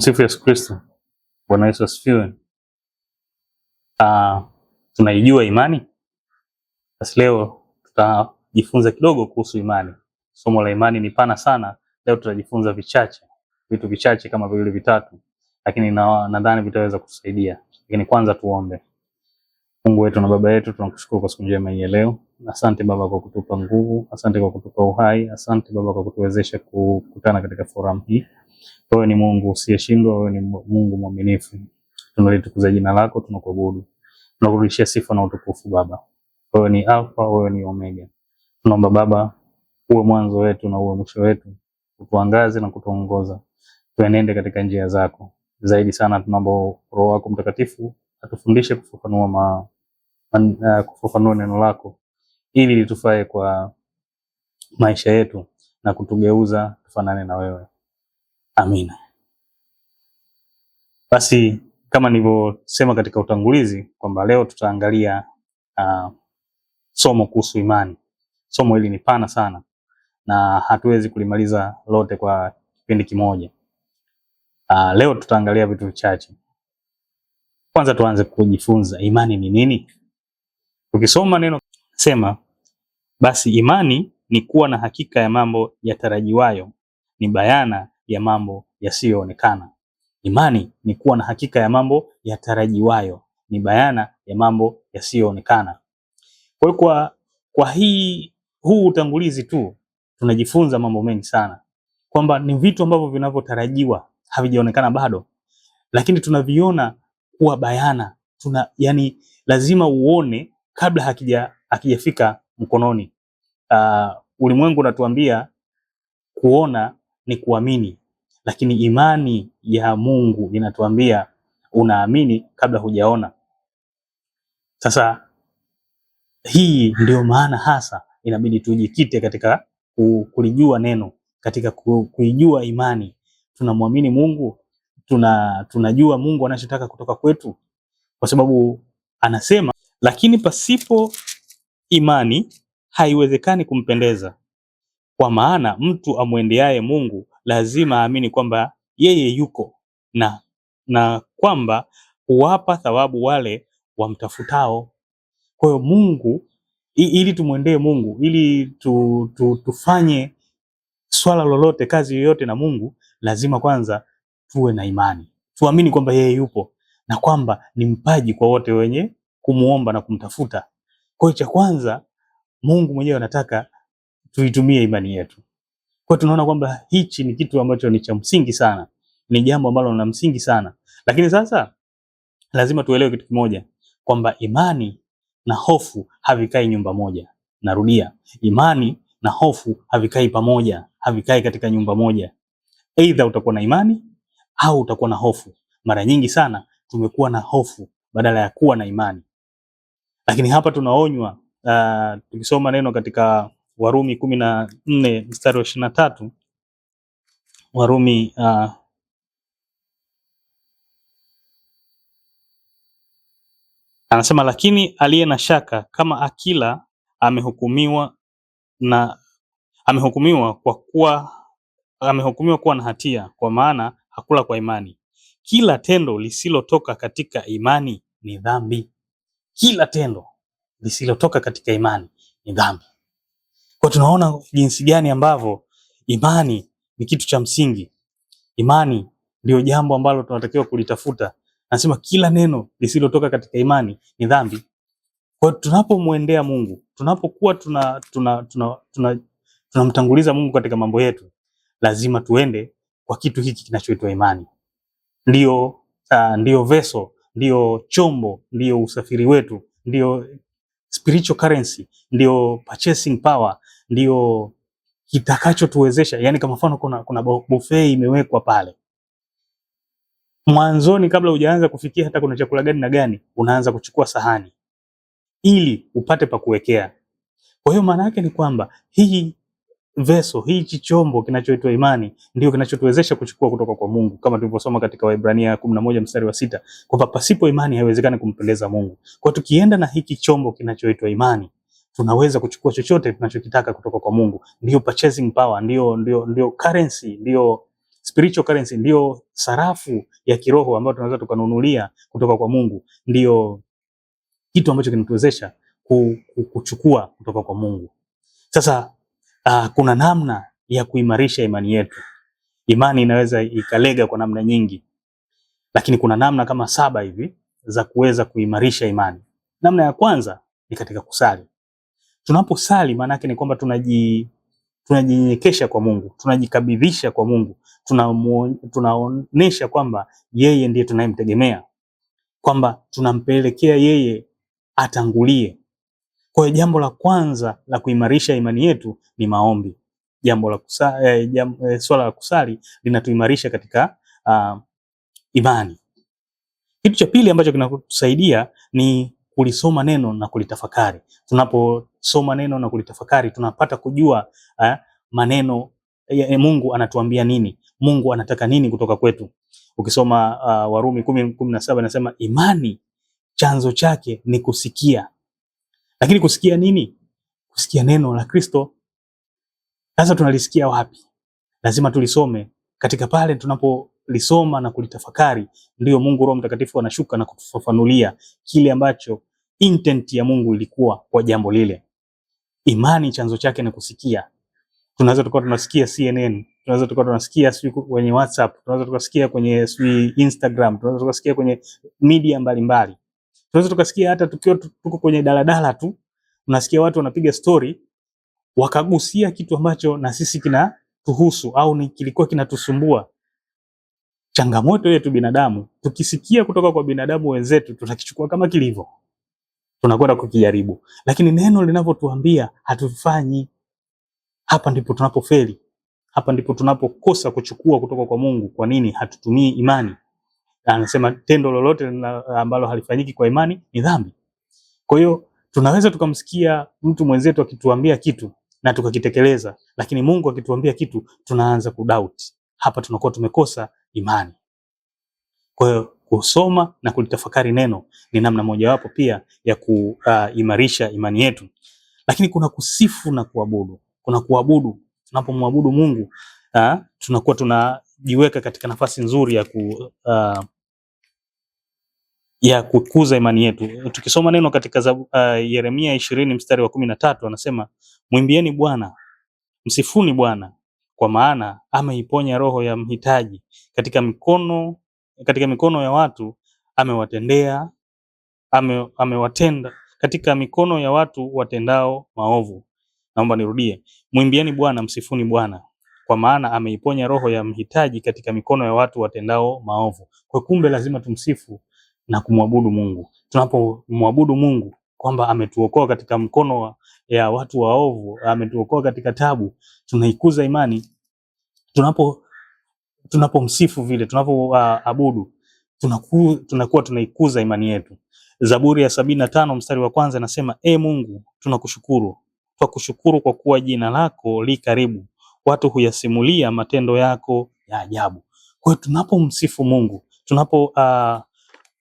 Tumsifu Yesu Kristo. Bwana Yesu asifiwe. Uh, tunaijua imani. Sasa leo tutajifunza kidogo kuhusu imani. Somo la imani ni pana sana. Leo tutajifunza vichache, vitu vichache kama vile vitatu, lakini nadhani vitaweza kusaidia. Lakini kwanza tuombe. Mungu wetu na Baba yetu, tunakushukuru kwa siku njema hii leo. Asante Baba kwa kutupa nguvu, asante kwa kutupa uhai, asante Baba kwa kutuwezesha kukutana katika forum hii. Wewe ni Mungu usiyeshindwa, wewe ni Mungu mwaminifu. Tunalitukuza jina lako, tunakuabudu. Tunakurudishia sifa na utukufu Baba. Wewe ni Alfa, wewe ni Omega. Tunaomba Baba uwe mwanzo wetu na uwe mwisho wetu, utuangaze na kutuongoza, tuenende katika njia zako. Zaidi sana tunaomba Roho wako Mtakatifu atufundishe kufafanua ma, uh, kufafanua neno lako ili litufae kwa maisha yetu na kutugeuza tufanane na wewe. Amina. Basi kama nilivyosema katika utangulizi kwamba leo tutaangalia uh, somo kuhusu imani. Somo hili ni pana sana na hatuwezi kulimaliza lote kwa kipindi kimoja. Uh, leo tutaangalia vitu vichache. Kwanza tuanze kujifunza imani ni nini. Tukisoma neno sema, basi imani ni kuwa na hakika ya mambo yatarajiwayo, ni bayana ya mambo yasiyoonekana. Imani ni kuwa na hakika ya mambo yatarajiwayo, ni bayana ya mambo yasiyoonekana. Kwa hiyo kwa, kwa hii huu utangulizi tu tunajifunza mambo mengi sana, kwamba ni vitu ambavyo vinavyotarajiwa havijaonekana bado, lakini tunaviona kuwa bayana tuna, yani lazima uone kabla hakija hakijafika mkononi. Uh, ulimwengu unatuambia kuona ni kuamini, lakini imani ya Mungu inatuambia unaamini kabla hujaona. Sasa hii ndio maana hasa inabidi tujikite katika kulijua neno, katika kuijua imani. Tunamwamini Mungu, tuna tunajua Mungu anachotaka kutoka kwetu, kwa sababu anasema, lakini pasipo imani haiwezekani kumpendeza, kwa maana mtu amwendeaye Mungu lazima aamini kwamba yeye yuko na na kwamba huwapa thawabu wale wamtafutao. Kwa hiyo Mungu, ili tumwendee Mungu, ili tu, tu, tufanye swala lolote, kazi yoyote na Mungu, lazima kwanza tuwe na imani, tuamini kwamba yeye yupo na kwamba ni mpaji kwa wote wenye kumuomba na kumtafuta. Kwa hiyo cha kwanza Mungu mwenyewe anataka tuitumie imani yetu. Kwa tunaona kwamba hichi ni kitu ambacho ni cha msingi sana, ni jambo ambalo na msingi sana. Lakini sasa lazima tuelewe kitu kimoja kwamba imani na hofu havikai nyumba moja. Narudia, imani na hofu havikai pamoja, havikai katika nyumba moja. Aidha utakuwa na imani au utakuwa na hofu. Mara nyingi sana tumekuwa na hofu badala ya kuwa na imani, lakini hapa tunaonywa uh, tukisoma neno katika Warumi kumi na nne mstari wa ishirini na tatu Warumi uh, anasema lakini aliye na shaka kama akila amehukumiwa na amehukumiwa kwa kuwa amehukumiwa kuwa na hatia, kwa maana hakula kwa imani. Kila tendo lisilotoka katika imani ni dhambi. Kila tendo lisilotoka katika imani ni dhambi tunaona jinsi gani ambavyo imani ni kitu cha msingi. Imani ndio jambo ambalo tunatakiwa kulitafuta. Nasema kila neno lisilotoka katika imani ni dhambi. Kwa tunapomwendea Mungu, tunapokuwa tuna tunamtanguliza tuna, tuna, tuna Mungu katika mambo yetu, lazima tuende kwa kitu hiki kinachoitwa imani. Ndio uh, ndio veso, ndio chombo, ndio usafiri wetu, ndio spiritual currency, ndio purchasing power ndio kitakachotuwezesha yani, kama mfano kuna, kuna buffet imewekwa pale mwanzoni, kabla hujaanza kufikia hata kuna chakula gani na gani, unaanza kuchukua sahani ili upate pa kuwekea. Kwa hiyo maana yake ni kwamba hii veso hichi chombo kinachoitwa imani ndio kinachotuwezesha kuchukua kutoka kwa Mungu, kama tulivyosoma katika Waebrania kumi na moja mstari wa sita kwamba pasipo imani haiwezekani kumpendeza Mungu. Kwa tukienda na hiki chombo kinachoitwa imani tunaweza kuchukua chochote tunachokitaka kutoka kwa Mungu. Ndio purchasing power, ndio ndio ndio currency, ndio spiritual currency, ndio sarafu ya kiroho ambayo tunaweza tukanunulia kutoka kwa Mungu, ndio kitu ambacho kinatuwezesha kuchukua kutoka kwa Mungu. Sasa uh, kuna namna ya kuimarisha imani yetu. Imani inaweza ikalega kwa namna nyingi, lakini kuna namna kama saba hivi za kuweza kuimarisha imani. Namna ya kwanza ni katika kusali. Tunaposali maana yake ni kwamba tunaji tunajinyenyekesha kwa Mungu, tunajikabidhisha kwa Mungu, tunaonesha kwamba yeye ndiye tunayemtegemea, kwamba tunampelekea yeye atangulie. Kwa hiyo jambo la kwanza la kuimarisha imani yetu ni maombi. Jambo la kusali, eh, jam, eh, swala la kusali linatuimarisha katika uh, imani. Kitu cha pili ambacho kinatusaidia ni kulisoma neno na kulitafakari. Tunaposoma neno na kulitafakari, tunapata kujua eh, maneno eh, Mungu anatuambia nini, Mungu anataka nini kutoka kwetu. Ukisoma uh, Warumi 10:17 kumi inasema imani chanzo chake ni kusikia, lakini kusikia nini? Kusikia neno la Kristo. Sasa tunalisikia wapi? Lazima tulisome katika pale tunapo lisoma na kulitafakari, ndio Mungu Roho Mtakatifu anashuka na kutufafanulia kile ambacho intent ya Mungu ilikuwa kwa jambo lile. Imani chanzo chake ni kusikia. Tunaweza tukawa tunasikia CNN, tunaweza tukawa tunasikia siku kwenye WhatsApp, tunaweza tukasikia kwenye sui Instagram, tunaweza tukasikia kwenye media mbalimbali. Tunaweza tukasikia hata tukiwa tuko kwenye daladala tu, unasikia watu wanapiga story wakagusia kitu ambacho na sisi kina tuhusu au ni kilikuwa kinatusumbua. Changamoto yetu binadamu, tukisikia kutoka kwa binadamu wenzetu, tunakichukua kama kilivyo tunakwenda kukijaribu, lakini neno linavyotuambia hatufanyi. Hapa ndipo tunapofeli, hapa ndipo tunapokosa kuchukua kutoka kwa Mungu. Kwa nini hatutumii imani? Anasema tendo lolote ambalo halifanyiki kwa imani ni dhambi. Kwa hiyo tunaweza tukamsikia mtu mwenzetu akituambia kitu na tukakitekeleza, lakini Mungu akituambia kitu tunaanza kudoubt. Hapa tunakuwa tumekosa imani. Kwa hiyo kusoma na kulitafakari neno ni namna mojawapo pia ya kuimarisha uh, imani yetu, lakini kuna kusifu na kuabudu. Kuna kuabudu, tunapomwabudu Mungu uh, tunakuwa tunajiweka katika nafasi nzuri ya ku uh, ya kukuza imani yetu. Tukisoma neno katika zabu, uh, Yeremia ishirini mstari wa kumi na tatu anasema mwimbieni Bwana, msifuni Bwana, kwa maana ameiponya roho ya mhitaji katika mikono katika mikono ya watu amewatendea ame, amewatenda katika mikono ya watu watendao maovu. Naomba nirudie, mwimbieni Bwana, msifuni Bwana, kwa maana ameiponya roho ya mhitaji katika mikono ya watu watendao maovu. Kwa kumbe, lazima tumsifu na kumwabudu Mungu. Tunapomwabudu Mungu kwamba ametuokoa katika mkono wa, ya watu waovu, ametuokoa katika tabu, tunaikuza imani tunapo tunapomsifu vile tunavyoabudu uh, tunaku, tunakuwa tunaikuza imani yetu. Zaburi ya sabini na tano mstari wa kwanza inasema e Mungu, tunakushukuru twakushukuru kwa kuwa jina lako li karibu, watu huyasimulia matendo yako ya ajabu. Kwa hiyo tunapomsifu Mungu, tunapo uh,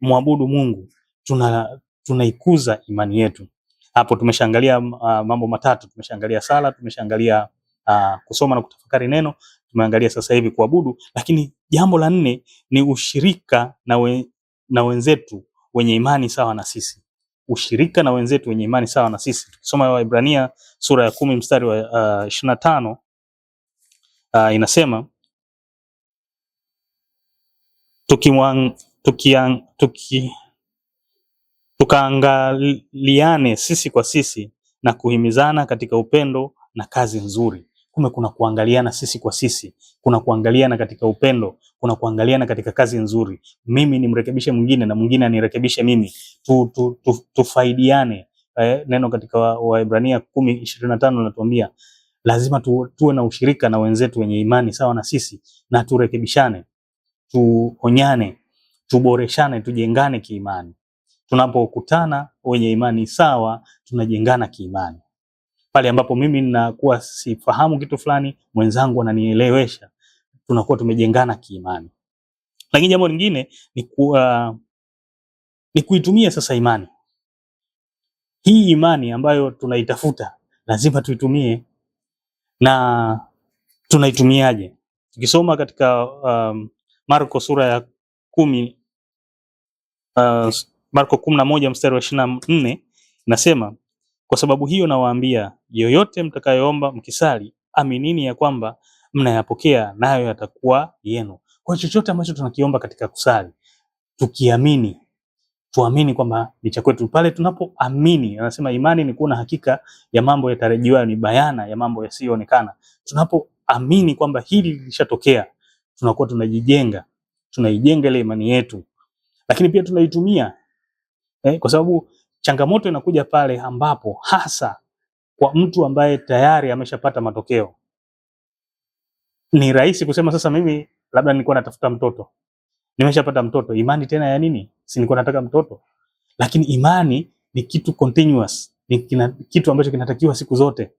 mwabudu Mungu tuna tunaikuza imani yetu. Hapo tumeshaangalia uh, mambo matatu, tumeshaangalia sala, tumeshaangalia uh, kusoma na kutafakari neno, tumeangalia sasa hivi kuabudu, lakini jambo la nne ni ushirika na, we, na wenzetu wenye imani sawa na sisi. Ushirika na wenzetu wenye imani sawa na sisi, tukisoma Waibrania sura ya kumi mstari wa uh, na tano uh, inasema tukiwang, tukiang, tuki, tukaangaliane sisi kwa sisi na kuhimizana katika upendo na kazi nzuri. Kumbe kuna kuangaliana sisi kwa sisi, kuna kuangaliana katika upendo, kuna kuangaliana katika kazi nzuri, mimi nimrekebishe mwingine na mwingine anirekebishe mimi, tu, tu, tu, tufaidiane. Eh, neno katika Waebrania wa kumi ishirini na tano linatuambia lazima tu, tuwe na ushirika na wenzetu wenye imani sawa na sisi, na turekebishane, tuonyane, tuboreshane, tujengane kiimani. Tunapokutana wenye imani sawa, tunajengana kiimani pale ambapo mimi ninakuwa sifahamu kitu fulani, mwenzangu ananielewesha, tunakuwa tumejengana kiimani. Lakini jambo lingine ni, uh, ni kuitumia sasa imani hii, imani ambayo tunaitafuta lazima tuitumie. Na tunaitumiaje? Tukisoma katika um, Marko sura ya kumi, uh, Marko kumi na moja mstari wa ishirini na nne inasema kwa sababu hiyo nawaambia, yoyote mtakayoomba mkisali, aminini ya kwamba mnayapokea nayo yatakuwa yenu. Kwa chochote ambacho tunakiomba katika kusali, tukiamini, tuamini kwamba ni cha kwetu. Pale tunapoamini, anasema imani ni kuwa na hakika ya mambo yatarajiwayo, ni bayana ya mambo yasiyoonekana. Tunapoamini kwamba hili lilishatokea, tunakuwa tunajijenga, tunaijenga ile imani yetu, lakini pia tunaitumia eh, kwa sababu Changamoto inakuja pale ambapo hasa kwa mtu ambaye tayari ameshapata matokeo, ni rahisi kusema sasa, mimi labda nilikuwa natafuta mtoto, nimeshapata mtoto, imani tena ya nini? Si nilikuwa nataka mtoto. Lakini imani ni kitu continuous, ni kina, kitu ambacho kinatakiwa siku zote.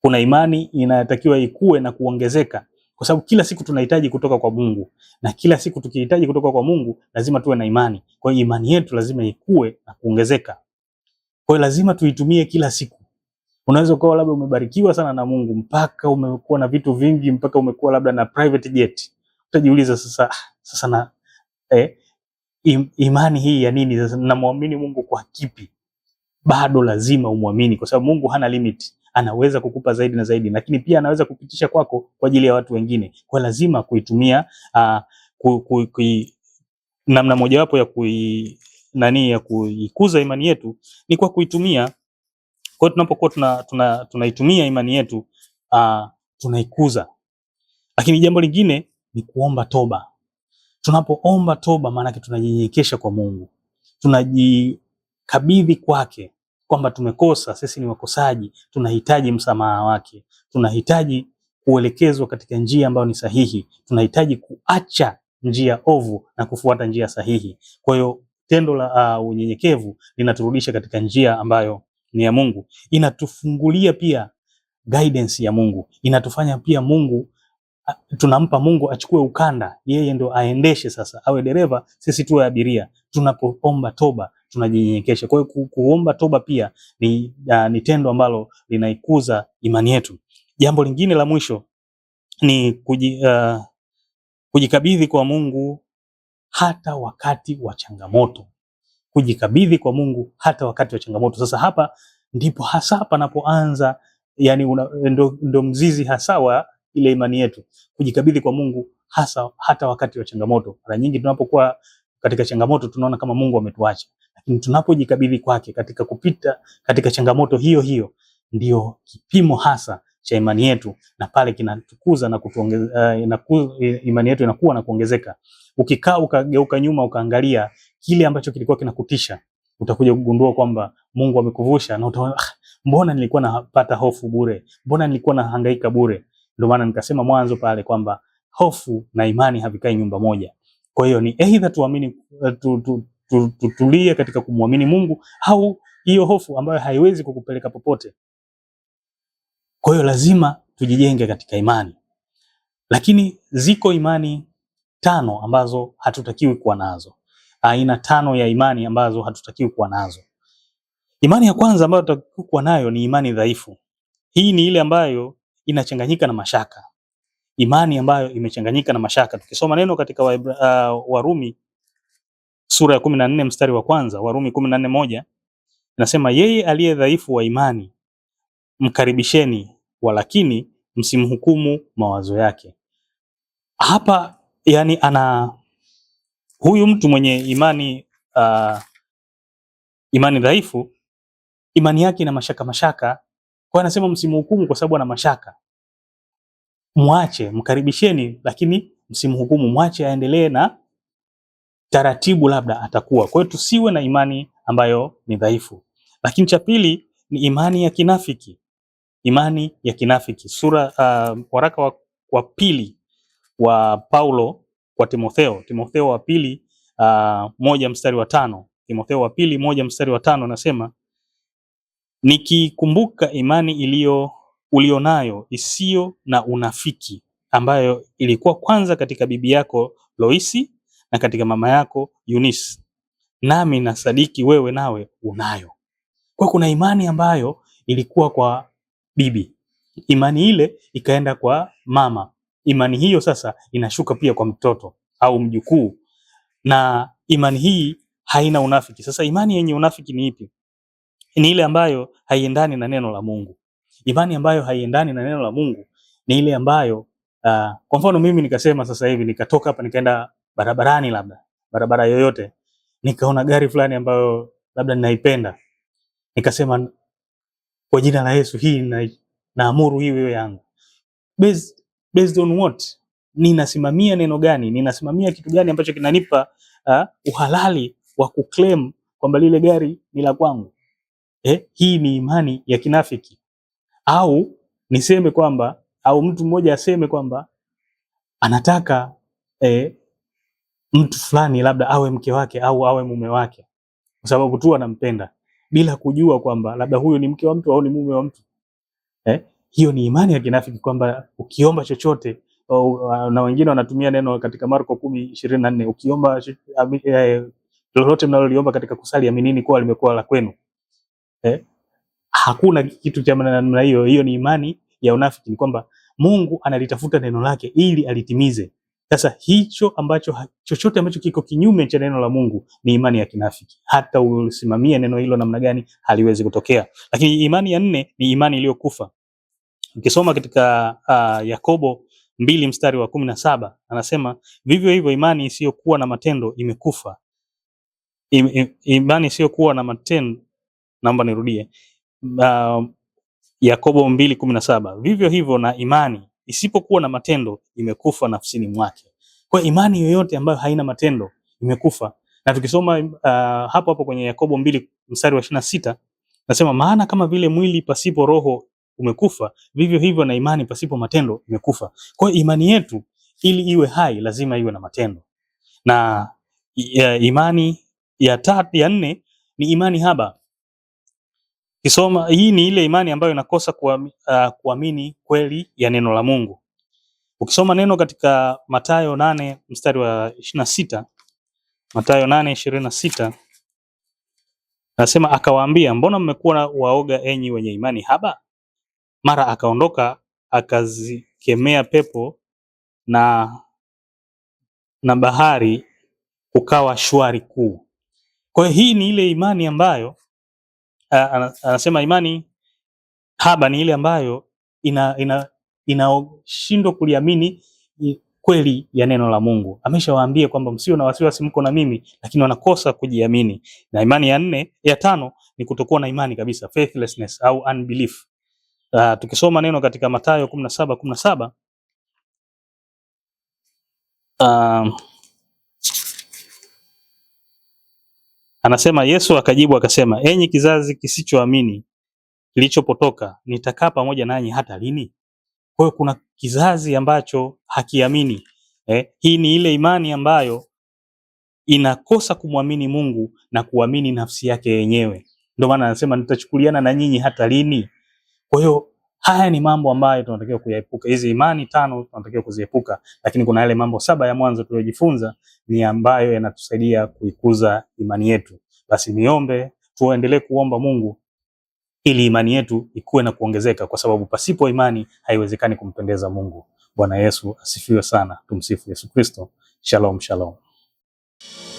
Kuna imani inatakiwa ikue na kuongezeka kwa sababu kila siku tunahitaji kutoka kwa Mungu, na kila siku tukihitaji kutoka kwa Mungu lazima tuwe na imani. Kwa hiyo imani yetu lazima ikue na kuongezeka. Kwa hiyo lazima tuitumie kila siku. Unaweza ukawa labda umebarikiwa sana na Mungu mpaka umekuwa na vitu vingi, mpaka umekuwa labda na private jet. Utajiuliza sasa, ah, sasa na eh, imani hii ya nini? Sasa namwamini Mungu kwa kipi? Bado lazima umwamini, kwa sababu Mungu hana limiti anaweza kukupa zaidi na zaidi, lakini pia anaweza kupitisha kwako kwa ajili ya watu wengine. Kwa lazima kuitumia uh, ku, ku, ku, namna mojawapo ya kui, nani ya kuikuza imani yetu ni kwa kuitumia. Kwa hiyo tunapokuwa tunaitumia tuna, tuna, tuna imani yetu uh, tunaikuza. Lakini jambo lingine ni kuomba toba. Tunapoomba toba, maanake tunajinyenyekesha kwa Mungu, tunajikabidhi kwake kwamba tumekosa, sisi ni wakosaji, tunahitaji msamaha wake, tunahitaji kuelekezwa katika njia ambayo ni sahihi, tunahitaji kuacha njia ovu na kufuata njia sahihi. Kwa hiyo tendo la uh, unyenyekevu linaturudisha katika njia ambayo ni ya Mungu, inatufungulia pia guidance ya Mungu, inatufanya pia Mungu ah, tunampa Mungu achukue ukanda, yeye ndo aendeshe sasa, awe dereva, sisi tuwe abiria. Tunapoomba toba, tunajinyenyekesha. Kwa hiyo kuomba toba pia ni, uh, ni tendo ambalo linaikuza imani yetu. Jambo lingine la mwisho ni kuji, uh, kujikabidhi kwa Mungu hata wakati wa changamoto. Kujikabidhi kwa Mungu hata wakati wa changamoto. Sasa hapa ndipo hasa panapoanza yani una, ndo, ndo mzizi hasa wa ile imani yetu, kujikabidhi kwa Mungu hasa hata wakati wa changamoto. Mara nyingi tunapokuwa katika changamoto tunaona kama Mungu ametuacha, lakini tunapojikabidhi kwake katika kupita katika changamoto hiyo hiyo, ndio kipimo hasa cha imani yetu, na pale kinatukuza na kutuongeza eh, uh, inaku, imani yetu inakuwa na kuongezeka. Ukikaa ukageuka nyuma ukaangalia kile ambacho kilikuwa kinakutisha, utakuja kugundua kwamba Mungu amekuvusha, na utaona ah, mbona nilikuwa napata hofu bure, mbona nilikuwa nahangaika bure. Ndio maana nikasema mwanzo pale kwamba hofu na imani havikai nyumba moja. Kwa hiyo ni aidha tuamini eh, tu, tu, tutulie katika kumwamini Mungu au hiyo hofu ambayo haiwezi kukupeleka popote. Kwa hiyo lazima tujijenge katika imani, lakini ziko imani tano ambazo hatutakiwi kuwa nazo, aina tano ya imani ambazo hatutakiwi kuwa nazo. Imani ya kwanza ambayo tutakiwi kuwa nayo ni imani dhaifu. Hii ni ile ambayo inachanganyika na mashaka, imani ambayo imechanganyika na mashaka. Tukisoma neno katika uh, Warumi sura ya kumi na nne mstari wa kwanza, Warumi kumi na nne moja inasema yeye aliye dhaifu wa imani mkaribisheni, walakini msimhukumu mawazo yake. Hapa yani ana huyu mtu mwenye imani uh, imani dhaifu, imani yake ina mashaka mashaka, kwa anasema msimhukumu kwa sababu ana mashaka. Mwache, mkaribisheni, lakini msimhukumu, mwache aendelee na taratibu labda atakuwa. Kwa hiyo tusiwe na imani ambayo ni dhaifu. Lakini cha pili ni imani ya kinafiki, imani ya kinafiki sura uh, waraka wa, wa pili wa Paulo kwa Timotheo, Timotheo wa pili uh, moja mstari wa tano Timotheo wa pili moja mstari wa tano anasema nikikumbuka imani iliyo ulionayo isiyo na unafiki ambayo ilikuwa kwanza katika bibi yako Loisi na katika mama yako Yunis, nami na sadiki wewe nawe unayo. Kwa kuna imani ambayo ilikuwa kwa bibi, imani ile ikaenda kwa mama, imani hiyo sasa inashuka pia kwa mtoto au mjukuu, na imani hii haina unafiki. Sasa imani yenye unafiki ni ipi? Ni ile ambayo haiendani na neno la Mungu. Imani ambayo haiendani na neno la Mungu ni ile ambayo uh, kwa mfano mimi nikasema sasa hivi nikatoka hapa nikaenda barabarani, labda barabara yoyote, nikaona gari fulani ambayo labda ninaipenda, nikasema kwa jina la Yesu, hii na, naamuru hii iwe yangu. Based, based on what? Ninasimamia neno gani? Ninasimamia kitu gani ambacho kinanipa uh, uhalali wa kuclaim kwamba lile gari ni la kwangu? Eh, hii ni imani ya kinafiki au niseme kwamba au mtu mmoja aseme kwamba anataka eh, mtu fulani labda awe mke wake au awe mume wake, kwa sababu tu anampenda bila kujua kwamba labda huyo ni mke wa mtu au ni mume wa mtu eh? Hiyo ni imani ya kinafiki kwamba ukiomba chochote au, na wengine wanatumia neno katika Marko kumi ishirini na nne ukiomba e, lolote mnaloliomba katika kusali aminini kuwa limekuwa la kwenu eh? Hakuna kitu cha namna hiyo. Hiyo ni imani ya unafiki, ni kwamba Mungu analitafuta neno lake ili alitimize sasa hicho ambacho chochote ambacho kiko kinyume cha neno la Mungu ni imani ya kinafiki. Hata usimamie neno hilo namna gani, haliwezi kutokea. Lakini imani ya nne ni imani iliyokufa. Ukisoma katika uh, Yakobo mbili mstari wa kumi na saba anasema vivyo hivyo imani isiyokuwa na matendo imekufa. Im, im, imani isiyokuwa na matendo, naomba nirudie. Uh, Yakobo mbili kumi na saba vivyo hivyo na imani isipokuwa na matendo imekufa nafsini mwake. Kwa imani yoyote ambayo haina matendo imekufa. Na tukisoma uh, hapo hapo kwenye Yakobo mbili mstari wa ishirini na sita nasema, maana kama vile mwili pasipo roho umekufa, vivyo hivyo na imani pasipo matendo imekufa. Kwa imani yetu ili iwe hai lazima iwe na matendo. Na ya, imani ya tatu ya nne ni imani haba. Kisoma, hii ni ile imani ambayo inakosa uh, kuamini uh, kweli ya neno la Mungu. Ukisoma neno katika Mathayo nane mstari wa ishirini na sita Mathayo nane ishirini na sita nasema, akawaambia mbona mmekuwa waoga enyi wenye imani haba? Mara akaondoka akazikemea pepo na, na bahari kukawa shwari kuu. Kwa hiyo hii ni ile imani ambayo Eh, anasema imani haba ni ile ambayo inashindwa ina, inashindwa kuliamini kweli ya neno la Mungu. Ameshawaambia kwamba msio na wasiwasi, mko na mimi, lakini wanakosa kujiamini. Na imani ya nne ya tano ni kutokuwa na imani kabisa, faithlessness au unbelief. Uh, tukisoma neno katika Mathayo kumi na saba kumi na saba uh, Anasema Yesu akajibu akasema, enyi kizazi kisichoamini kilichopotoka, nitakaa pamoja nanyi hata lini? Kwa hiyo kuna kizazi ambacho hakiamini eh. Hii ni ile imani ambayo inakosa kumwamini Mungu na kuamini nafsi yake yenyewe. Ndio maana anasema nitachukuliana na nyinyi hata lini? Kwa hiyo Haya ni mambo ambayo tunatakiwa kuyaepuka, hizi imani tano tunatakiwa kuziepuka, lakini kuna yale mambo saba ya mwanzo tuliyojifunza ni ambayo yanatusaidia kuikuza imani yetu. Basi niombe, tuendelee kuomba Mungu ili imani yetu ikuwe na kuongezeka, kwa sababu pasipo imani haiwezekani kumpendeza Mungu. Bwana Yesu asifiwe sana. Tumsifu Yesu Kristo. Shalom, shalom.